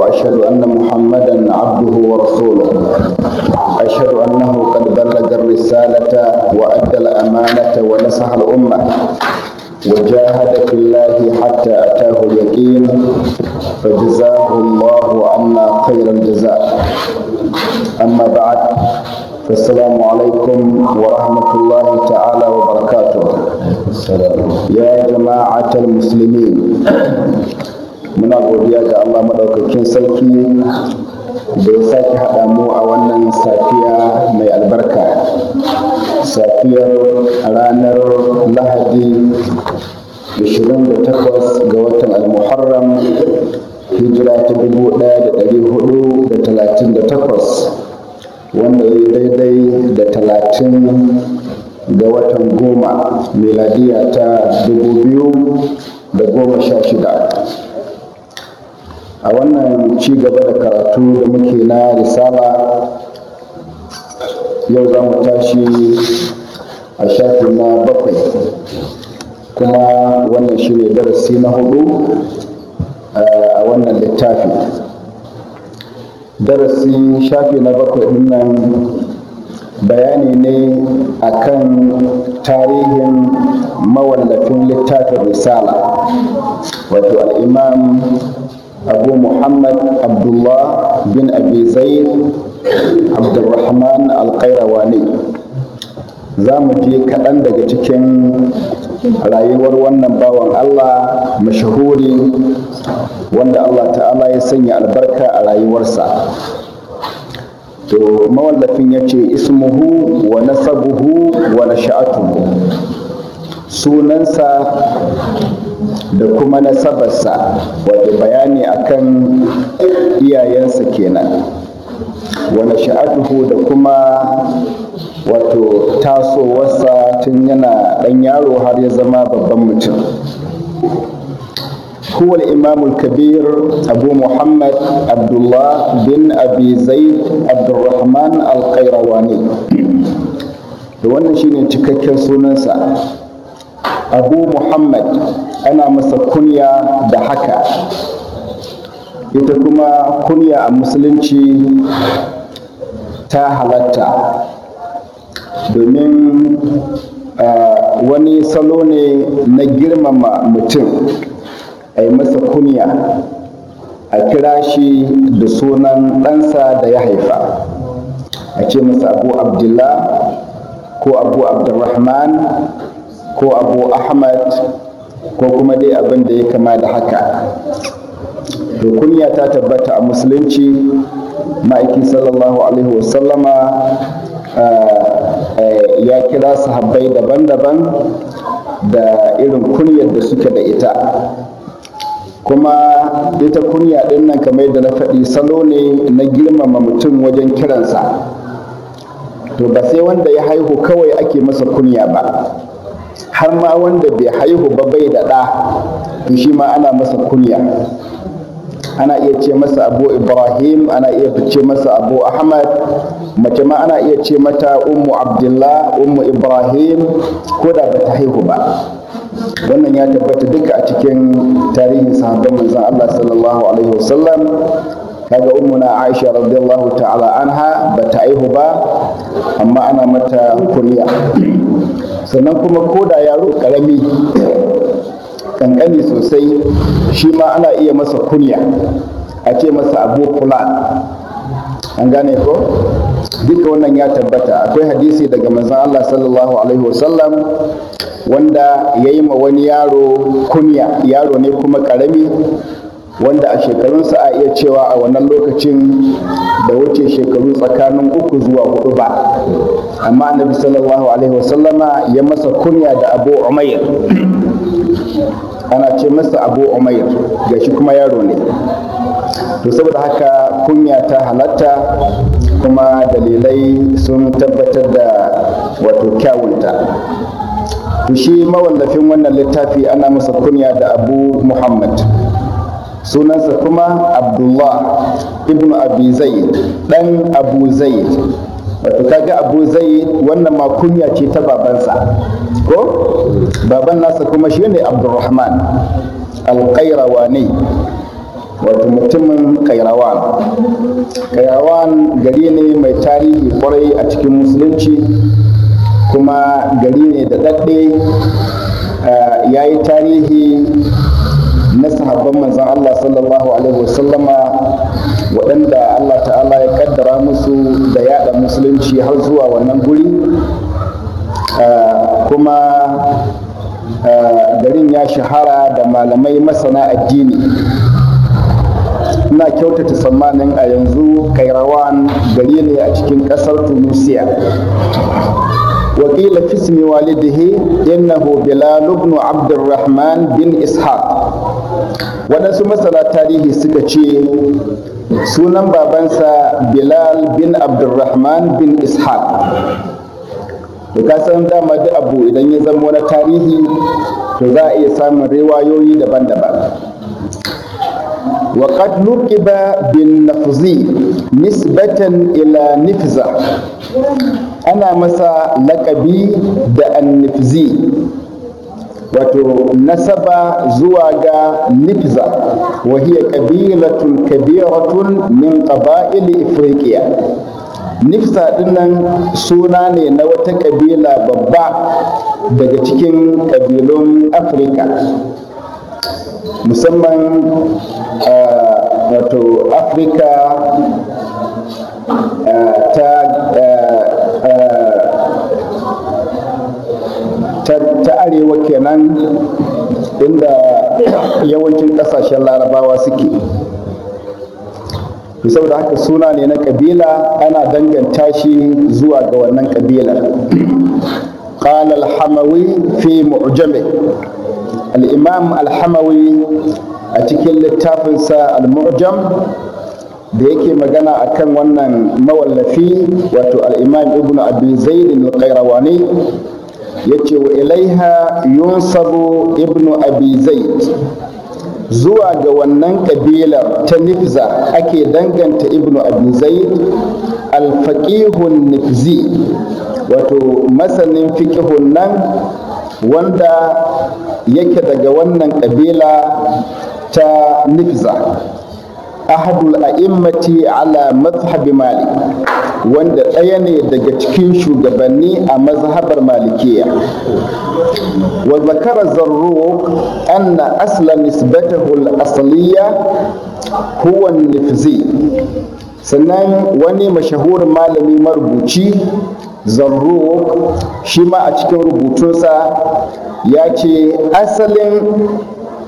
وأشهد أن محمدا عبده ورسوله أشهد أنه قد بلغ الرسالة وأدى الأمانة ونصح الأمة وجاهد في الله حتى أتاه اليقين فجزاه الله عنا خير الجزاء أما بعد السلام عليكم ورحمة الله تعالى وبركاته يا جماعة المسلمين muna godiya ga Allah maɗaukakin sarki da ya sake haɗa mu a wannan safiya mai albarka safiyar ranar lahadi 28 ga watan al-muharram hijira ta 1438 wanda ya daidai da talatin ga watan goma meladiya ta goma sha shida. a wannan ci gaba da karatu da muke na risala yau za mu tashi a shafi na bakwai kuma wannan shi darasi na hudu eh, a wannan littafi darasi shafi na bakwai dinnan bayani ne akan tarihin mawallafin littafin risala wato al'imam أبو محمد عبد الله بن أبي زيد عبد الرحمن القيرواني za mu je kaɗan daga cikin rayuwar wannan bawan Allah mashahuri wanda Allah ta'ala ya sanya albarka a rayuwarsa to mawallafin ya ce ismuhu wa nasabuhu wa nasha'atuhu sunansa da kuma nasabarsa wadda bayani akan iyayensa kenan wani sha'aduhu da kuma wato tasowarsa tun yana ɗan yaro har ya zama babban mutum هو الإمام الكبير أبو محمد عبد الله بن أبي زيد عبد الرحمن القيرواني wannan shine cikakken sunansa abu muhammad ana masa kunya da haka ita kuma kunya a musulunci ta halatta domin eh, wani salo ne na girmama mutum a yi masa kunya a kira shi da sunan ɗansa da ya haifa a ce masa abu abdullah ko abu Abdullahi. ko abu ahmad ko kuma dai abin da ya kama da haka to kunya ta tabbata a musulunci ma'aiki sallallahu alaihi wasallama ya kira sahabbai daban-daban da irin kunyar da suke da ita kuma ita kunya din nan kamar yadda na faɗi salo ne na girmama mutum wajen kiransa to ba sai wanda ya haihu kawai ake masa kunya ba har ma wanda bai haihu ba bai da ɗa to shi ma ana masa kunya ana iya ce masa abu ibrahim ana iya ce masa abu ahmad mace ma ana iya ce mata ummu abdullah ummu ibrahim ko da ba ta haihu ba wannan ya tabbata duka a cikin tarihin sahabban manzon Allah sallallahu alaihi wasallam kaga ummuna aisha radiyallahu ta'ala anha ba ta aihu ba amma ana mata kunya sannan kuma koda yaro karami kankani sosai shi ma ana iya masa kunya a ce masa abu kula an gane ko duka wannan ya tabbata akwai hadisi daga manzon Allah sallallahu alaihi wasallam wanda ya yi ma wani yaro kunya yaro ne kuma karami wanda a shekarunsa a iya cewa a wannan lokacin da wuce shekaru tsakanin uku zuwa hudu ba amma annabi sallallahu alaihi wasallama ya masa kunya da abu umair ana ce masa abu umair gashi kuma yaro ne to saboda haka kunya ta halatta kuma dalilai sun tabbatar da wato kyawunta to shi mawallafin wannan littafi ana masa kunya da abu muhammad sunansa kuma abdullah ibn abu zaid dan abu wato kaga abu zaid wannan ma kunya ce ta babansa ko baban nasa kuma shi ne abdurrahman ne wato mutumin kairawan kairawan gari ne mai tarihi kwarai a cikin musulunci kuma gari ne da daɗe eh, ya yi tarihi na sahabban manzon Allah sallallahu alaihi wasallama waɗanda Allah ta'ala ya kaddara musu da yaɗa musulunci har zuwa wannan guri ah, kuma ah, garin ya shahara da malamai masana addini ina kyautata tsammanin a yanzu kairawan gari ne a cikin ƙasar tunisia وقيل في اسم والده إنه بلال بن عبد الرحمن بن إسحاق waɗansu masana tarihi suka ce sunan babansa bilal bin abdulrahman bin ishaq da kasan dama duk abu idan ya zama wani tarihi to za a iya samun riwayoyi daban-daban وقد لقب بالنفزي نسبة إلى نفزة أنا مسا لقبي da النفزي wato nasaba zuwa ga nifza wa hiya qabilatun kabiratun min qaba'il ifriqiya nifsa dinnan suna ne na wata ƙabila babba daga cikin ƙabilun afirka musamman eh, wato afirka eh, ta ta arewa kenan inda yawancin kasashen larabawa suke saboda haka suna ne na kabila ana danganta shi zuwa ga wannan kabilar قال الحموي في معجمه الامام الحموي أتكل للتافنسة المعجم da yake magana a kan wannan mawallafi wato al'imam ibnu abi zaid al yace wa ilaiha yunsabu ibnu abi zaid zuwa ga wannan kabilar ta nifza ake danganta ibnu abi zaid alfaqihun nifzi wato masanin fiqihun nan wanda yake daga wannan kabila ta nifza ahadul a'immati ala mazhabi malik wanda ɗaya ne daga cikin shugabanni a mazhabar malikiya wa zakara zarruq anna asla nisbatahu al-asliya huwa nifzi sannan wani mashahurin malami marubuci zarru shi ma a cikin rubutunsa ya ce asalin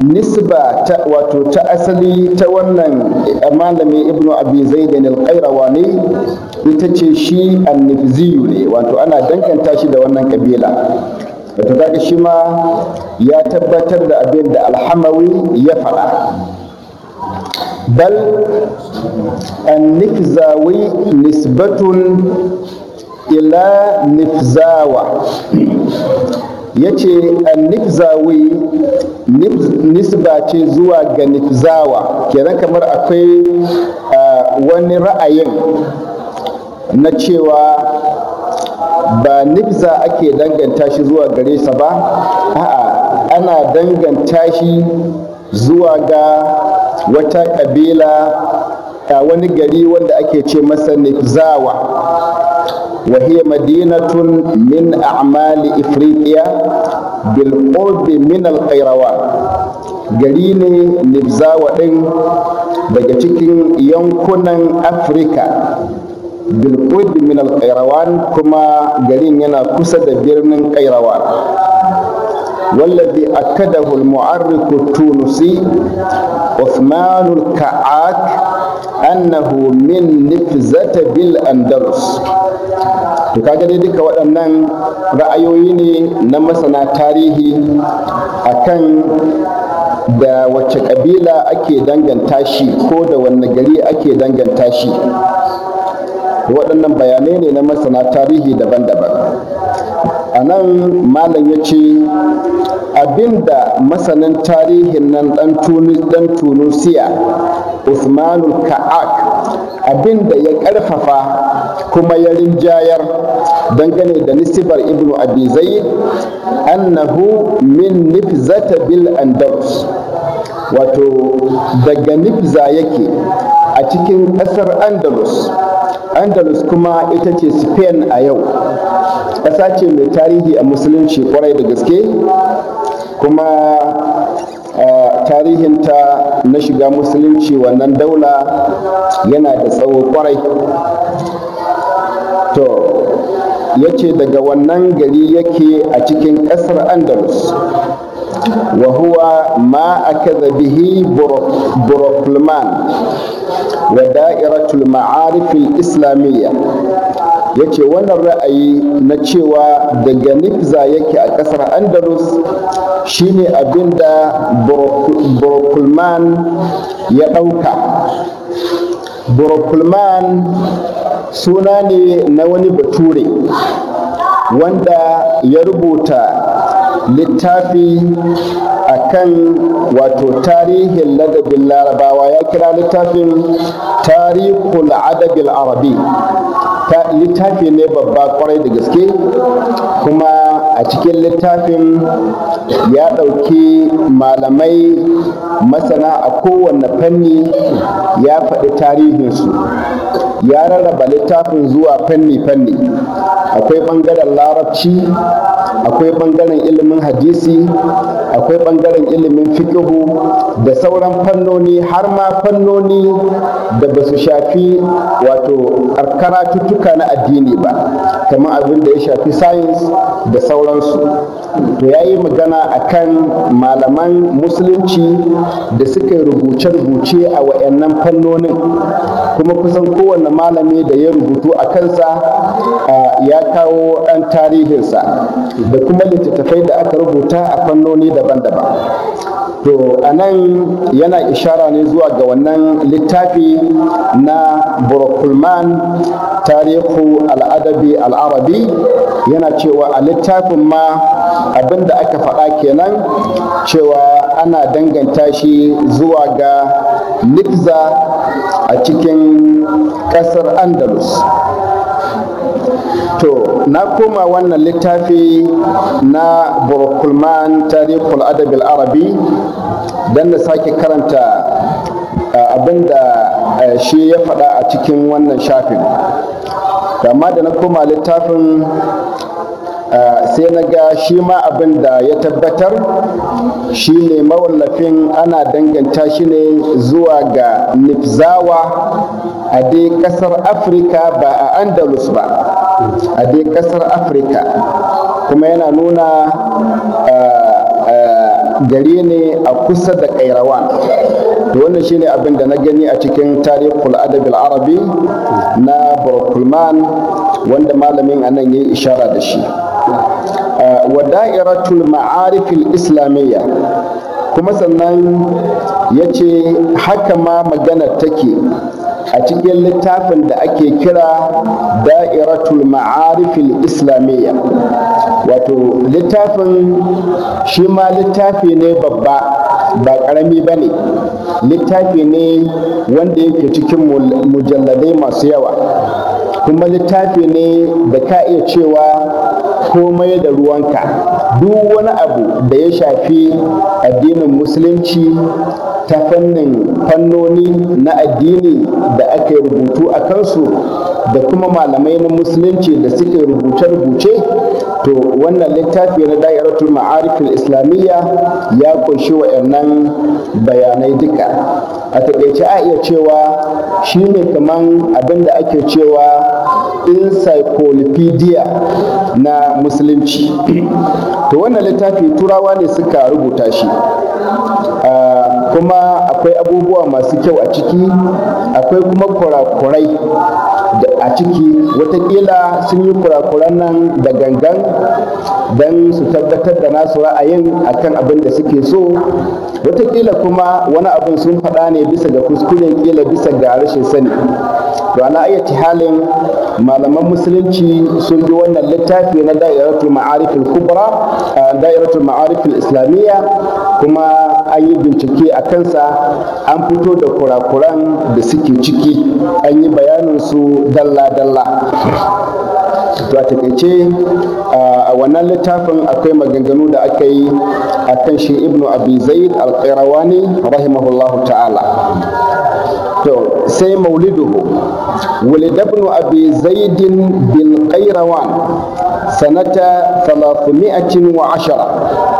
nisba ta wato ta asali ta wannan malami ibnu abi bin al-qayrawani ita ce shi annibziyu ne wato ana danganta shi da wannan kabila wato kaga shi ma ya tabbatar da abin da alhamawi ya faɗa bal annifzawi nisbatun ila nifzawa yace ce nisba ce zuwa ga nifzawa kenan kamar akwai wani ra'ayin na cewa ba nifza ake danganta shi zuwa gare sa ba a'a ana danganta shi zuwa ga wata kabila a wani gari wanda ake ce masa nifzawa wa hiya madinatun min a'mali ifriqiya bil'urbi min alƙairawa gari ne nibzawa ɗin daga cikin yankunan afirka bil'urbi min alƙairawan kuma garin yana kusa da birnin ƙairawa والذي أكده المعرق التونسي عثمان الكعاك annahu min nifzata bil andalus to kaga dai duka waɗannan ra'ayoyi ne na masana tarihi akan da wacce ƙabila ake danganta shi ko da wanne gari ake danganta shi waɗannan bayanai ne na masana tarihi daban-daban a nan malam ya ce abinda masanin tarihin nan ɗan tunusiya usmanul ka'ak abinda ya ƙarfafa kuma ya rinjayar dangane da nisibar ibnu abi annahu min nifzata bil andalus wato daga nifza yake a cikin ƙasar andalus andalus kuma ita ce spain a yau ƙasa ce mai tarihi a musulunci kwarai da gaske kuma tarihinta na shiga musulunci wannan daula yana da tsawo kwarai to ya daga wannan gari yake a cikin ƙasar andalus وهو ما أكد به بروكلمان ودائرة المعارف الإسلامية yace wannan ra'ayi na cewa daga nifza yake a ƙasar andalus shine abinda burkulman ya ɗauka burkulman suna ne na wani bature wanda ya rubuta littafi akan wato tarihin ladabin larabawa ya kira littafin tarihul adabil arabi littafi ne babba kwarai da gaske kuma a cikin littafin ya ɗauki malamai masana a kowane fanni ya faɗi tarihinsu ya rarraba littafin zuwa fanni-fanni akwai ɓangaren larabci akwai ɓangaren ilimin hadisi akwai ɓangaren ilimin fikihu da sauran fannoni har ma fannoni da ba su shafi wato karatuttuka na addini ba kamar abin da ya shafi science da sauransu to ya yi magana akan malaman musulunci da suka rubuce-rubuce a wayannan fannonin kuma kusan kowane malami da ya rubutu a kansa ya kawo ɗan tarihinsa da kuma littattafai da aka rubuta a fannoni daban-daban to a nan yana ishara ne zuwa ga wannan littafi na burokulman tarihu al'adabi al'arabi yana cewa a littafin ma abin da aka faɗa kenan cewa ana danganta shi zuwa ga nibza a cikin ƙasar andalus to na koma wannan littafi na burkulman tarihul adabil arabi don na sake karanta abinda shi ya faɗa a cikin wannan shafin amma da na koma littafin Ah, sai na ga shi ma abin da ya tabbatar shi ne mawallafin ana danganta shi ne zuwa ga nifzawa a dai kasar afirka ba a andalus ba a dai kasar afirka kuma yana nuna ah, ah, gari ne a kusa da kairawan wannan shi ne abin da na gani a cikin tarihul adabil arabi na burkulman wanda malamin anan ya yi ishara da shi wa da'iratul ma'arifil islamiyya kuma sannan ya ce haka ma magana take a cikin littafin da ake kira da'iratul ma'arifil islamiyya wato littafin shi ma littafi ne babba ba ƙarami ba ne littafi ne wanda yake cikin mujalladai masu yawa kuma littafi ne da ka iya cewa komai da ruwanka duk wani abu da ya shafi addinin musulunci ta fannin fannoni na addini da aka yi rubutu a kansu da kuma malamai na musulunci da suke rubuce-rubuce to wannan littafi na da'iratul ma'arifin islamiyya ya kunshi wa'annan bayanai duka a taƙaice a iya cewa shi ne kaman abin da ake cewa encyclopedia na musulunci to wannan littafi turawa ne suka rubuta shi uh, kuma akwai abubuwa masu kyau a ciki akwai kuma kurakurai a ciki watakila sun yi kurakuran nan da gangan don su tabbatar da nasu ra'ayin akan abin da suke so watakila kuma wani abin sun faɗa ne bisa ga kuskuren kila bisa ga rashin sani to ana ayyati halin malaman musulunci sun bi wannan littafi na da'iratul ma'arifin kubra da'iratul ma'arifin islamiyya kuma an yi bincike a kansa an fito da kurakuran da suke ciki an yi bayaninsu dalla-dalla to a takaice a wannan littafin akwai maganganu da aka yi a kan shi ibnu abi zaid rahimahullahu ta'ala to sai maulidu ولد ابن أبي زيد بالقيروان سنة 310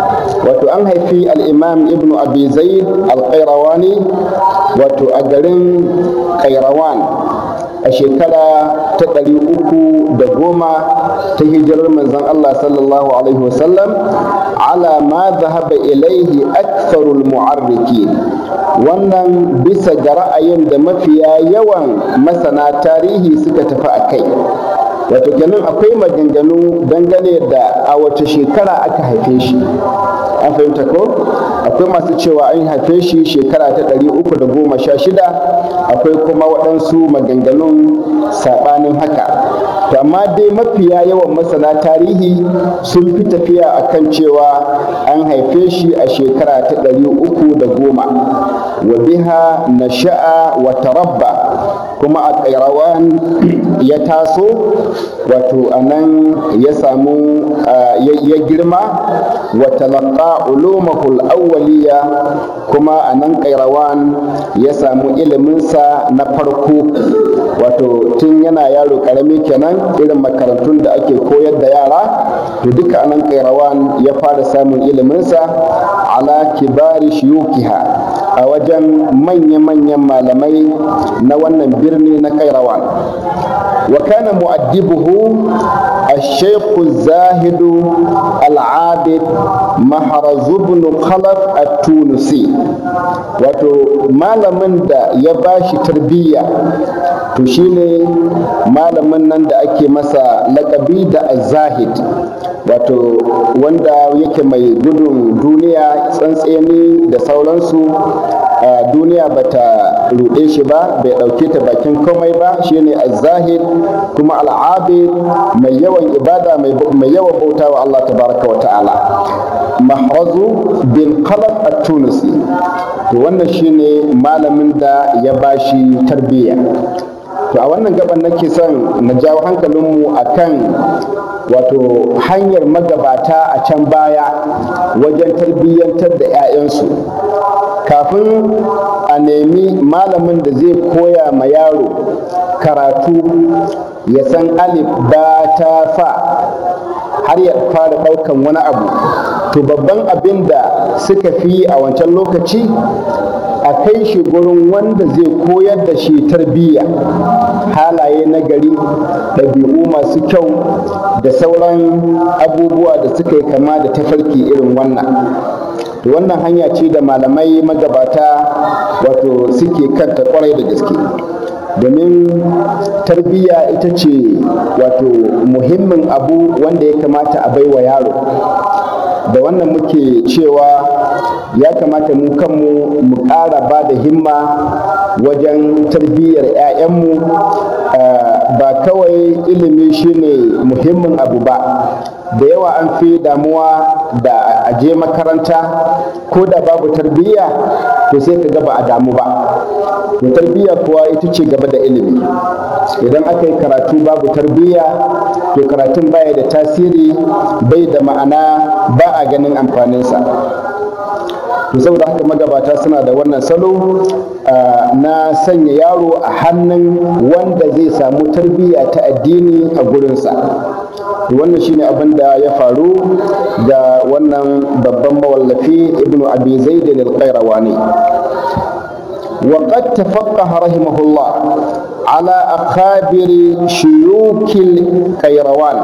wato an haifi al'imam ibn abi zaid al ne, wato a garin kairawan a shekara ta ɗari uku da goma ta hijirar manzon Allah sallallahu alaihi wasallam ala ma zahaba ilaihi aksarul mu'arriki wannan bisa ga ra'ayin da mafiya yawan masana tarihi suka tafi a kai wato ganin akwai maganganu dangane da a wace shekara aka haife shi an fahimta ko akwai masu cewa an haife shi shekara ta ɗari uku da goma sha shida akwai kuma waɗansu maganganun saɓanin haka to amma dai mafiya yawan masana tarihi sun fi tafiya a kan cewa an haife shi a shekara ta ɗari uku da goma wa biha na sha'a wa tarabba kuma a kairawan ya taso wato a nan ya samu ya girma wa talaka ulumahul awwaliya kuma a nan kairawan ya samu iliminsa na farko wato tun yana yaro ƙarami kenan irin makarantun da ake koyar da yara to duka a nan kairawan ya fara samun iliminsa ala kibari shiyukiha a wajen manya-manyan malamai na wannan birni na kairawan wa kana mu'addibuhu الشيخ الزاهد العابد محرز khalaf خلف tunisi. wato malamin da ya bashi tarbiyya to shine malamin nan da ake masa lakabi da zahid. wato wanda yake mai gudun duniya tsantseni da sauransu duniya bata ruɗe shi ba bai ɗauke ta bakin komai ba shine a zahid kuma al'abi mai yawan ibada mai yawan bauta wa Allah tabaraka wa ta'ala mahrazu bin qalab at-tunisi to wannan shine malamin da ya bashi tarbiyya to a wannan gaban nake son na jawo hankalinmu a kan wato hanyar magabata a can baya wajen tarbiyyantar da 'ya'yansu kafin a nemi malamin da zai koya ma yaro karatu ya san alif ba ta fa har ya fara ɗaukan wani abu to babban abin da suka fi a wancan lokaci a kai shi gurin wanda zai koyar da shi tarbiyya halaye na gari ɗabi'u masu kyau da sauran abubuwa da suka yi kama da tafarki irin wannan wannan hanya ce da malamai magabata wato suke kanta kwarai da gaske domin tarbiyya ita ce wato muhimmin abu wanda ya kamata a baiwa yaro da wannan muke cewa ya kamata mu kanmu mu ƙara ba da himma wajen tarbiyyar 'ya'yanmu eh, ba kawai ilimi shine muhimmin abu ba da yawa an fi damuwa da aje makaranta ko da babu tarbiyya to sai ka gaba a damu ba Da tarbiyya kuwa ita ce gaba da ilimi idan aka yi karatu babu tarbiyya to karatun baya da tasiri bai da ma'ana ba a ganin amfaninsa to saboda haka magabata suna da wannan salo na sanya yaro a hannun wanda zai samu tarbiyya ta addini a gurinsa wannan shine abin da ya faru ga wannan babban mawallafi ibnu abi zaid al-qayrawani وقد تفقه رحمه الله على أخابر شيوخ القيروان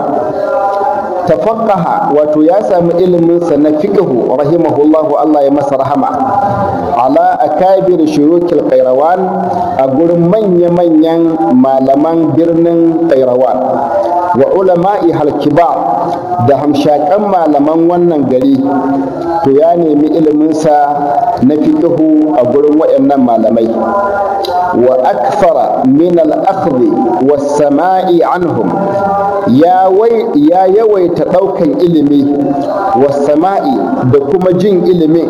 tafaqaha wato ya samu ilimin sa na fiqhu rahimahullahu Allah ya masa rahama ala akabir shurukil qairawan a gurin manya-manyan malaman birnin Kairawa, wa ulama'i Halkibar da hamshakan malaman wannan gari to ya nemi iliminsa na fiqhu a gurin wayannan malamai wa akthara min al-akhdhi was-sama'i anhum ya yawaita ta ɗaukan ilimi wa sama'i da kuma jin ilimin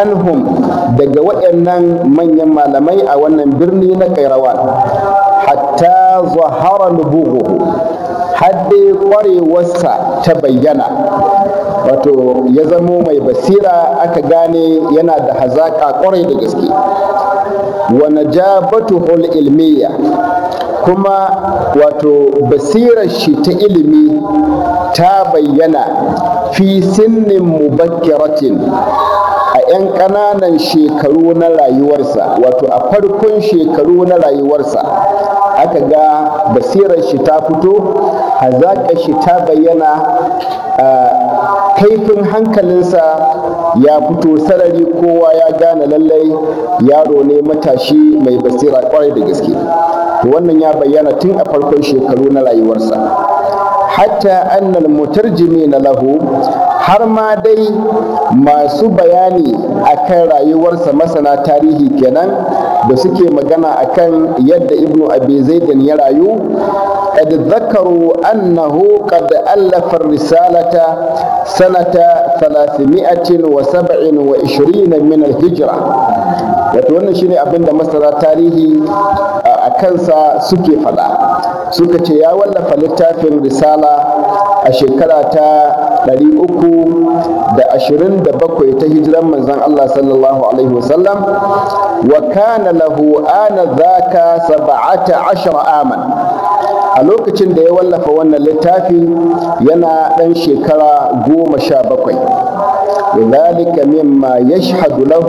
anhum daga waɗannan manyan malamai a wannan birni na kairawan hatta zahara lubuguhu hadde ƙwarewarsa ta bayyana wato ya zamo mai basira aka gane yana da hazaƙa ƙwarai da gaske wa najabatuhul ilmiya kuma wato basirar shi ta ilimi ta bayyana fi sinnin mubakkiratin a 'yan ƙananan shekaru na rayuwarsa wato a farkon shekaru na rayuwarsa aka ga basirar shi ta fito hazaƙa shi ta bayyana ah, kaifin hankalinsa ya fito sarari kowa ya gane lallai yaro ne matashi mai basira kwarai da gaske wannan ya bayyana tun a farkon shekaru na rayuwarsa hatta annal mutarjimi na lahu har ma dai masu bayani akan rayuwarsa masana tarihi kenan da suke magana akan yadda ibnu abi zaidin ya rayu adzakaru ذكروا أنه قد ألف الرسالة سنة 327 من الهجرة wato wannan shine abin da masana tarihi a kansa suke faɗa suka ce ya wallafa littafin risala a shekara ta 327 ta hijiran manzon Allah sallallahu alaihi wasallam wa kana lahu ana zaka 17 aman a lokacin da ya wallafa wannan littafi yana ɗan shekara goma sha bakwai ذلك مما يشهد له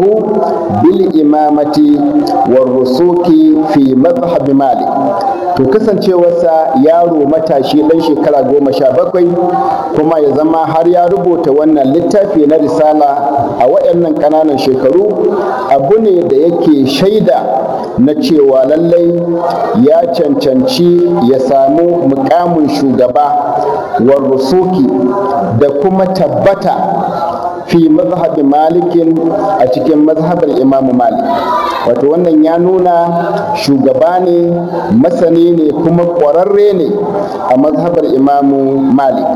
بالإمامة والرسوك في مذهب مالك to kasancewarsa yaro matashi ɗan shekara goma sha bakwai kuma ya zama har ya rubuta wannan littafi na risala a waɗannan ƙananan shekaru abu ne da yake shaida na cewa lallai ya cancanci ya samu mukamin shugaba wa rusuki da kuma tabbata fi mazhabi malikin a cikin mazhabar imamu malik wato wannan ya nuna shugaba ne masani ne kuma kwararre ne a mazhabar imamu malik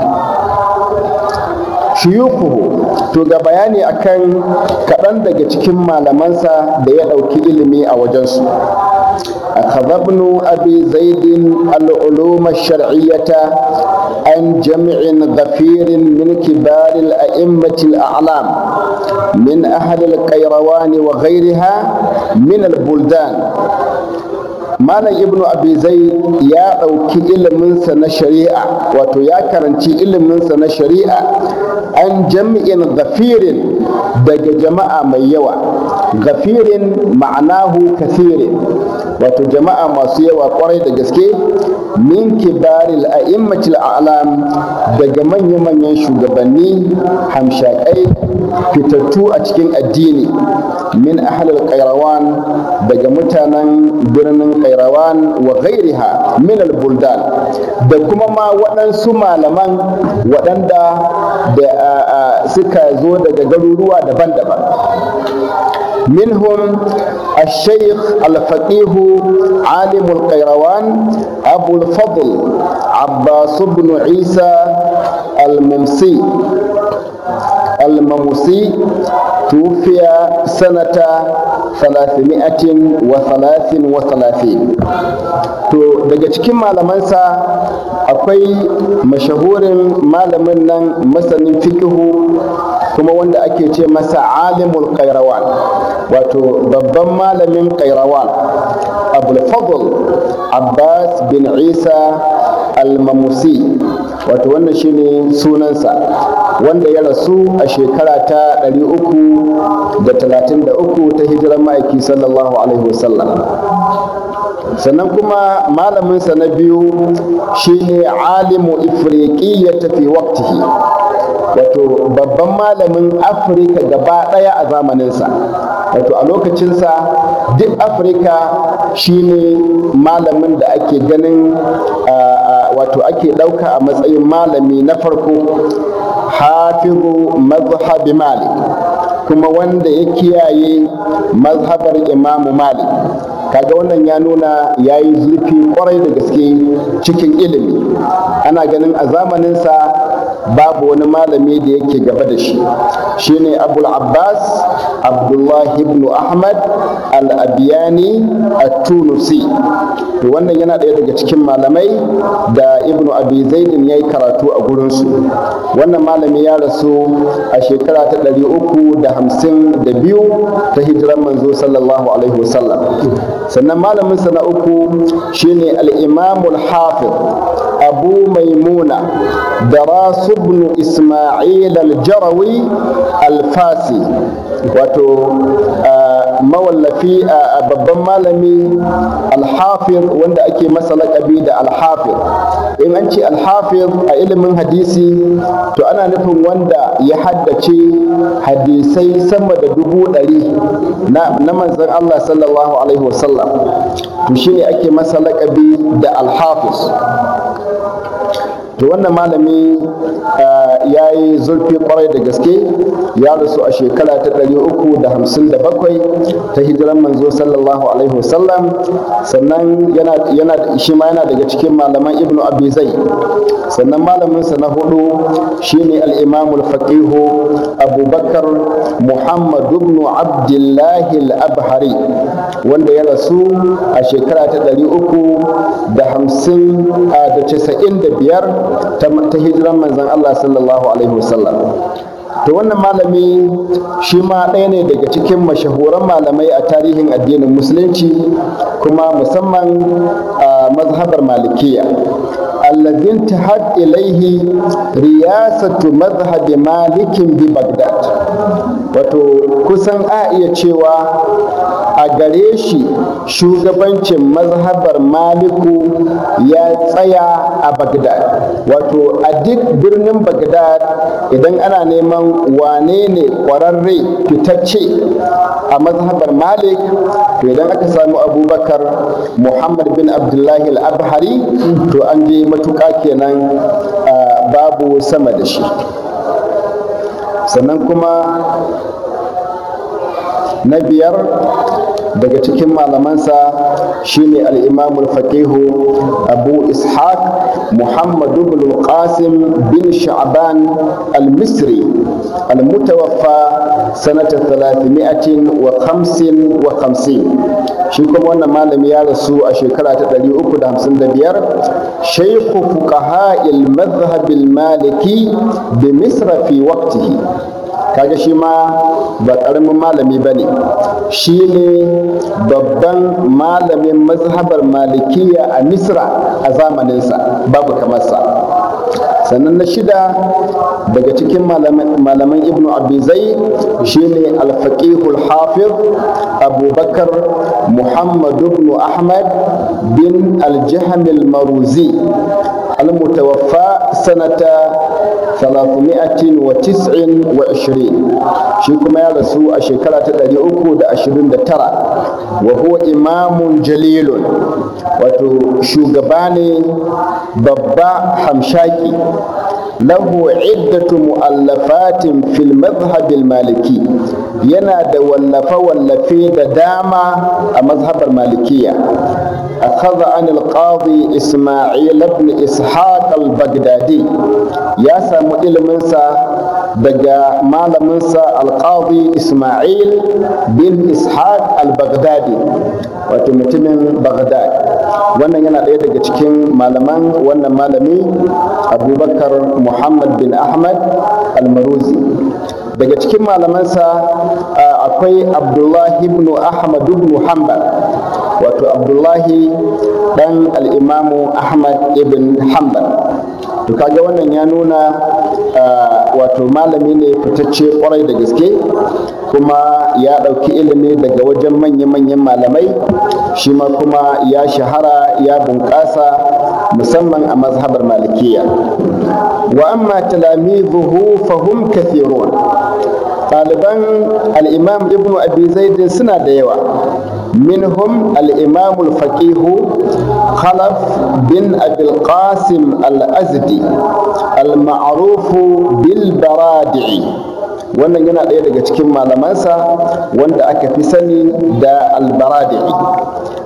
shuyukuhu to ga bayani akan kaɗan daga cikin malamansa da ya ɗauki ilimi a wajensu أخذ ابن أبي زيد العلوم الشرعية عن جمع غفير من كبار الأئمة الأعلام من أهل القيروان وغيرها من البلدان malam ابن أبي زيد يا أوكي إلا na shari'a wato ya karanci iliminsa na shari'a an jam'in gafirin daga jama'a mai yawa gafirin ma'anahu kathirin wato jama'a masu yawa kwarai da gaske min kibaril a'immatil a'lam daga manya-manyan shugabanni hamshakai fitattu a cikin addini min ahlul kairawan daga mutanen birnin kairawan wa gairiha min al-buldan da kuma ma waɗansu malaman waɗanda da suka zo daga garuruwa daban-daban منهم الشيخ الفقيه عالم القيروان أبو الفضل عباس بن عيسى الممسي المموسي توفي wa ثلاثمائة wa وثلاثين to daga cikin malamansa akwai mashahurin malamin nan masanin fikihu kuma wanda ake ce masa alimul kairawan wato babban malamin kairawan abulfadl abbas bin isa almamusi wato wannan shine sunansa wanda ya rasu a shekara ta 333 ta hijirar ma'aiki sallallahu alaihi wasallam sannan kuma malaminsa na biyu shine alimu ta fi waktihi wato babban malamin afirka gaba ɗaya a zamaninsa wato a lokacinsa duk afirka shine malamin da ake ganin a ah, wato ake ɗauka a matsayin malami na farko hafizu mazhabi malik kuma wanda ya kiyaye mazhabar imamu malik kaga wannan ya nuna ya yi zurfi kwarai da gaske cikin ilimi ana ganin a zamaninsa babu wani malami da yake gaba da shi shine abul abbas abdullahi ibn ahmad al-abiyani at-tunusi to wannan yana ɗaya daga cikin malamai da ibn abi zaidin ya yi karatu a gurinsu wannan malami ya rasu a shekara ta ɗari uku da hamsin da biyu ta hijiran manzo sallallahu alaihi wasallam sannan malamin sa na uku shine al-imamul hafiz abu maimuna da rasu ibn isma'il al-jarawi al-fasi wato mawallafi a babban malami alhafir wanda ake masa laƙabi da alhafir in an ce alhafir a ilimin hadisi to ana nufin wanda ya haddace hadisai sama da dubu ɗari na manzan Allah sallallahu alaihi wasallam to shine ake masa laƙabi da alhafiz to wannan malami ya yi zurfi kwarai da gaske ya rasu a shekara ta 357 ta hijiran manzo sallallahu alaihi wasallam sannan yana shi ma yana daga cikin malaman ibnu abi zai sannan malaminsa na hudu shine al-imam al abubakar muhammad ibn abdullah al-abhari wanda ya rasu a shekara ta uku da biyar. ta hijiran manzan Allah sallallahu alaihi wasallam to wannan malami shi ma ɗaya ne daga cikin mashahuran malamai a tarihin addinin musulunci kuma musamman a mazhabar malikiya allazin tahad ilaihi riyasatu mazhabi malikin bi bagdad wato kusan a iya cewa a gare shi shugabancin mazhabar maliku ya tsaya a bagdad wato a duk birnin bagdad idan ana neman wane ne kwararre fitacce a mazhabar malik to idan aka samu abubakar muhammad bin abdullahi al-abhari to an je matuƙa kenan babu sama da shi sannan kuma na biyar daga cikin malamansa shine al-imam al abu ishaq Muhammadu qasim bin sha'ban al-misri al-mutawaffa sanata 355 shi kuma wannan malami ya rasu a shekara ta 355 Shaiku fuqaha al-madhhab maliki bi misra fi waqtihi kaga shi ma ba ƙaramin malami ba ne shi ne babban malamin mazhabar malikiya a misra a zamaninsa babu kamarsa sannan na shida daga cikin malaman ibn abizai shi ne alfaƙihul hafiz abubakar muhammad ibn ahmad bin aljiham maruzi المتوفى سنة 329 shi kuma ya rasu a shekara ta 329 wa huwa imamun jalilun wato shugaba ne babba hamshaki lahu iddatu mu'allafatin fil mazhabil maliki yana da wallafe-wallafe da dama a mazhabar malikiya أخذ عن القاضي إسماعيل بن إسحاق البغدادي يا سامو إلمنسا دجا مالمنسا القاضي إسماعيل بن إسحاق البغدادي وتمتمن بغداد wannan yana ɗaya daga cikin malaman wannan malami abubakar muhammad bin ahmad almaruzi daga cikin malamansa akwai abdullahi ibn ahmad ibn hanbal wato abdullahi dan al'imamu ahmad ibn hanbal to kaga wannan ya nuna ah, wato malami ne fitacce kwarai da gaske kuma ya ɗauki ilimi daga wajen manya-manyan malamai shi ma kuma ya shahara ya bunƙasa musamman a mazhabar malikiya wa amma talamizuhu fahum kathirun ɗaliban al'imam ibn abi zaidin suna da yawa minhum al'imam al-faqihu khalaf bin abil qasim al-azdi al-ma'rufu bil baradi'i wannan yana ɗaya daga cikin malamansa wanda aka fi sani da albaradiri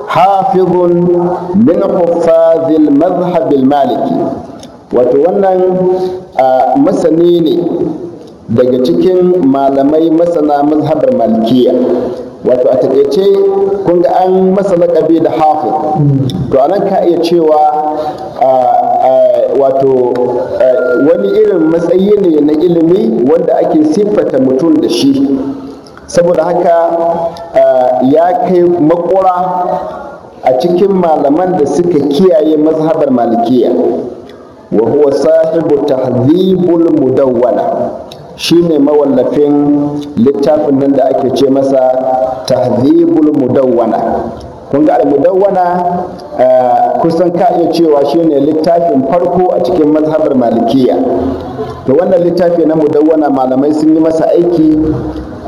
hafizun min huffazil mazhabil maliki wato wannan masani ne daga cikin malamai masana mazhabar malikiya wato a takaice kun ga an masa laƙabi da hafi to anan ka iya cewa wato wani irin matsayi ne na ilimi wanda ake siffata mutum da shi saboda haka ya kai makura a cikin malaman da suka kiyaye mazhabar malikiya wa huwa sahibu tahdhibul mudawwana Shi ne mawallafin littafin nan da ake ce masa tahzibul mudawwana kun ga al-mudawwana eh, kusan ka iya cewa ne littafin farko a cikin mazhabar malikiya to wannan littafi na mudawwana malamai sun yi masa aiki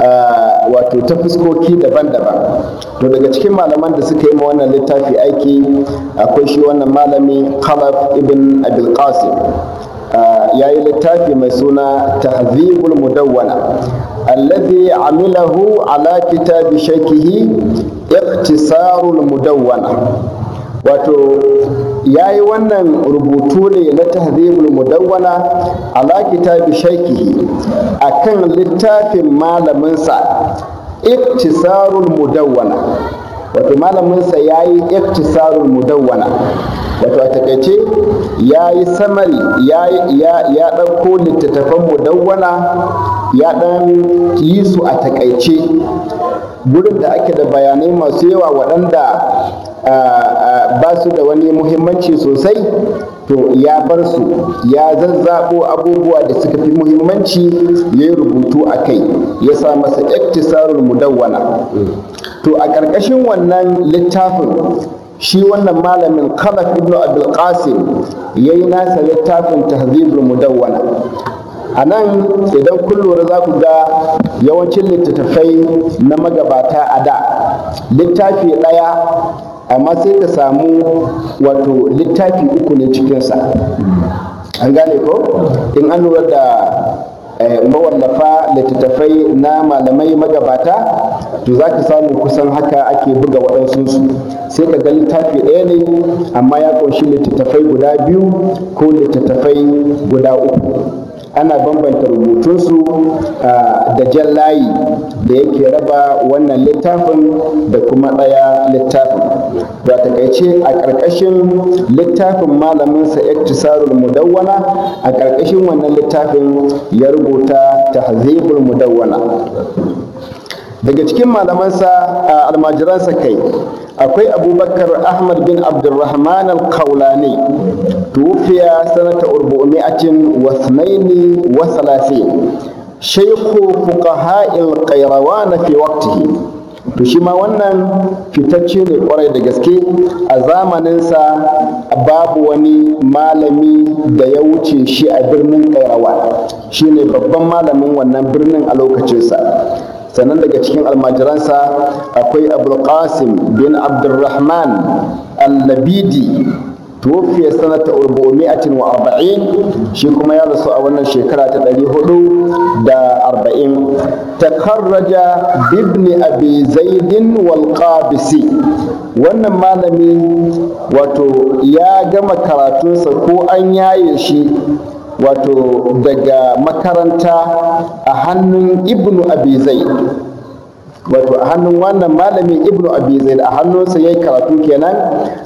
eh, wato ta fuskoki daban-daban to daga cikin malaman da suka yi ma wannan littafi aiki akwai shi wannan malami khalaf ibn abdul qasim ya yi littafi mai suna tahzibul mudawwana alladhi amilahu ala kitabi shakihi iktisarul mudawwana wato ya yi wannan rubutu ne na tahzibul mudawwana ala kitabi shakihi akan littafin malaminsa iktisarul mudawwana wato malaminsa ya yi iktisarul mudawwana wato a takaice ya yi samari ya ɗauko littattafan mudawwana ya ɗan yi su a takaice gurin da ake da bayanai masu yawa waɗanda ba su da wani muhimmanci sosai to ya bar su ya zazzabo abubuwa da suka fi muhimmanci ya yi rubutu a kai ya sa masa iktisarul mudawwana to a ƙarƙashin wannan littafin shi wannan malamin khalaf ibn abdul qasim yayi nasa littafin tahzibul mudawwana a nan idan kun lura za ku ga yawancin littattafai na magabata a da littafi ɗaya amma sai ka samu wato littafi uku ne cikinsa an gane ko in an lura da eh, mawallafa littattafai na malamai magabata to za ka samu kusan haka ake buga waɗansu su sai ka ga littafi ɗaya ne amma ya ƙunshi littattafai guda biyu ko littattafai guda uku ana bambanta rubutunsu da jan layi da yake raba wannan littafin da kuma ɗaya littafin da takaice a ƙarƙashin littafin malamin sa iktisarul mudawwana a ƙarƙashin wannan littafin ya rubuta tahzibul mudawwana daga cikin malamansa a almajiransa kai akwai abubakar ahmad bin abdulrahman al-kaulani tufiya sanata urbu'mi'atin wa thmaini Shaiku kuka shaykhu kairawa na fi waqtihi to shi ma wannan fitacce ne kwarai da gaske a zamaninsa babu wani malami da ya wuce shi a birnin kairawa shi ne babban malamin wannan birnin a lokacinsa sannan daga cikin almajiransa akwai abulkasim bin abdulrahman al-labidi tuwafiya sanata a wa arba'in shi kuma ya rasu a wannan shekara ta ɗari hudu da arba'in takarraja bibni abi zaidin wal qabisi wannan malami wato ya gama karatunsa ko an yaye shi wato daga makaranta a hannun ibnu abi wato a hannun wannan malamin ibnu abi a hannunsa ya yi karatu kenan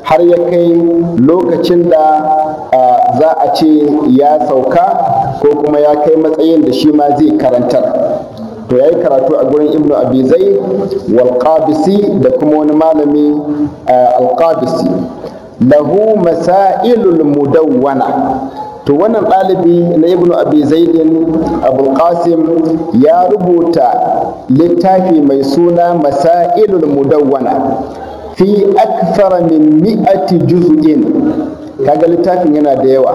har ya kai lokacin da za a ce ya sauka ko kuma ya kai matsayin da shi ma zai karantar to ya yi karatu a gurin ibnu abi zaid da kuma wani malami alqabisi lahu masailul mudawwana to wannan ɗalibi na ibnu abi zaidin abul qasim ya rubuta littafi mai suna masailul mudawwana fi akthar min mi'ati juz'in kaga littafin yana da yawa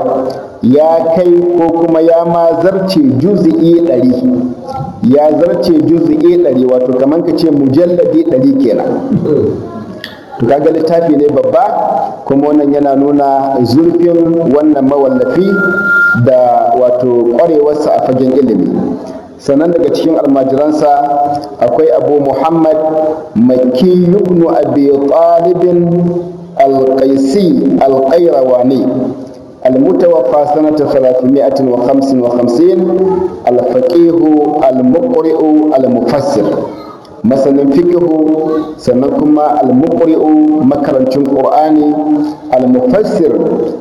ya kai ko kuma ya ma zarce juz'i ɗari ya zarce juz'i ɗari wato kamar ka ce mujalladi ɗari kenan to kaga littafi ne babba kuma wannan yana nuna zurfin wannan mawallafi da wato ƙwarewarsa a fagen ilimi sannan daga cikin almajiransa akwai abu muhammad maki ibnu abi talibin alƙaisi alƙairawani المتوفى سنة 355 الفقيه المقرئ المفسر masanin fikihu sannan kuma almuqri'u makarancin qur'ani mufassir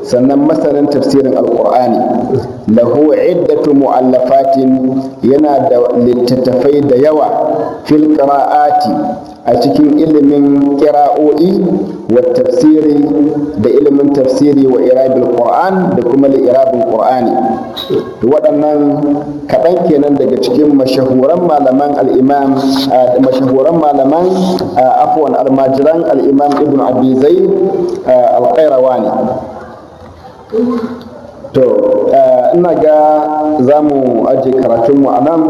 sannan masanin tafsirin alqur'ani lahu iddatu mu'allafatin yana da littattafai da yawa fil qira'ati a cikin ilimin kira'o'i wa tafsiri da ilimin tafsiri wa irabin qur'an da kuma irabin qur'ani waɗannan kaɗan kenan daga cikin mashahuran malaman al'imam mashahuran malaman afwan almajiran al'imam ibn abizai alƙairawani to ina ga za mu aje karatunmu a nan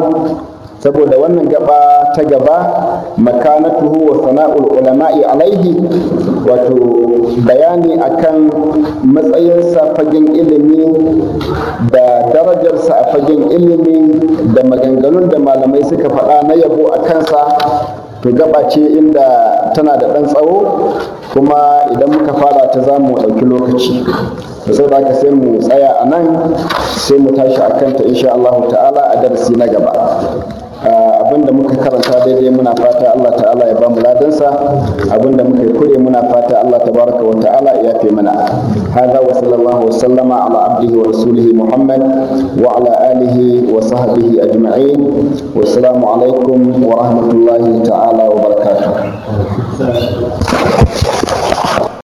saboda wannan gaba ta gaba makanatuhu wa sana'ul ulama'i alaihi wato bayani akan matsayinsa fagen ilimi da darajarsa a fagen ilimi da maganganun da malamai suka faɗa na yabo a kansa to gaba ce inda tana da ɗan tsawo kuma idan muka fara ta za mu ɗauki lokaci sai ba ka sai mu tsaya a nan sai mu tashi a kanta insha Allah ta'ala a darasi na gaba abinda muka karanta daidai muna fata Allah ta'ala ya bamu ladansa abinda muka kure muna fata Allah tabaraka wa ta'ala ya fi mana hada wa sallallahu sallama ala abdihi wa rasulihi muhammad wa ala alihi wa sahbihi ajma'in wa assalamu alaikum wa rahmatullahi ta'ala wa barakatuh